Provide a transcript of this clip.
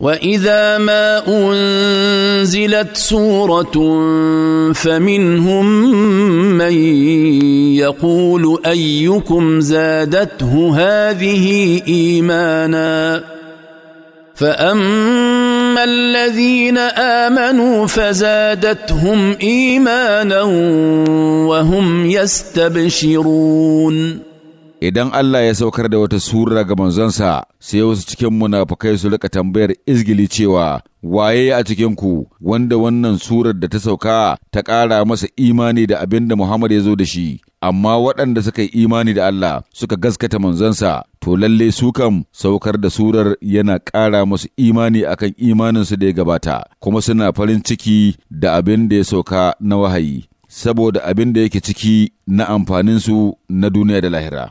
واذا ما انزلت سوره فمنهم من يقول ايكم زادته هذه ايمانا فاما الذين امنوا فزادتهم ايمانا وهم يستبشرون idan Allah ya saukar da wata sura ga manzonsa sai wasu cikin munafukai su rika tambayar izgili cewa waye a cikin ku wanda wannan surar da ta sauka ta ƙara masa imani da abin da Muhammad ya zo da shi amma waɗanda suka yi imani da Allah suka gaskata manzonsa to lalle su kam saukar da surar yana ƙara musu imani akan imaninsu da ya gabata kuma suna farin ciki da abin da ya sauka na wahayi saboda abin da yake ciki na amfaninsu na duniya da lahira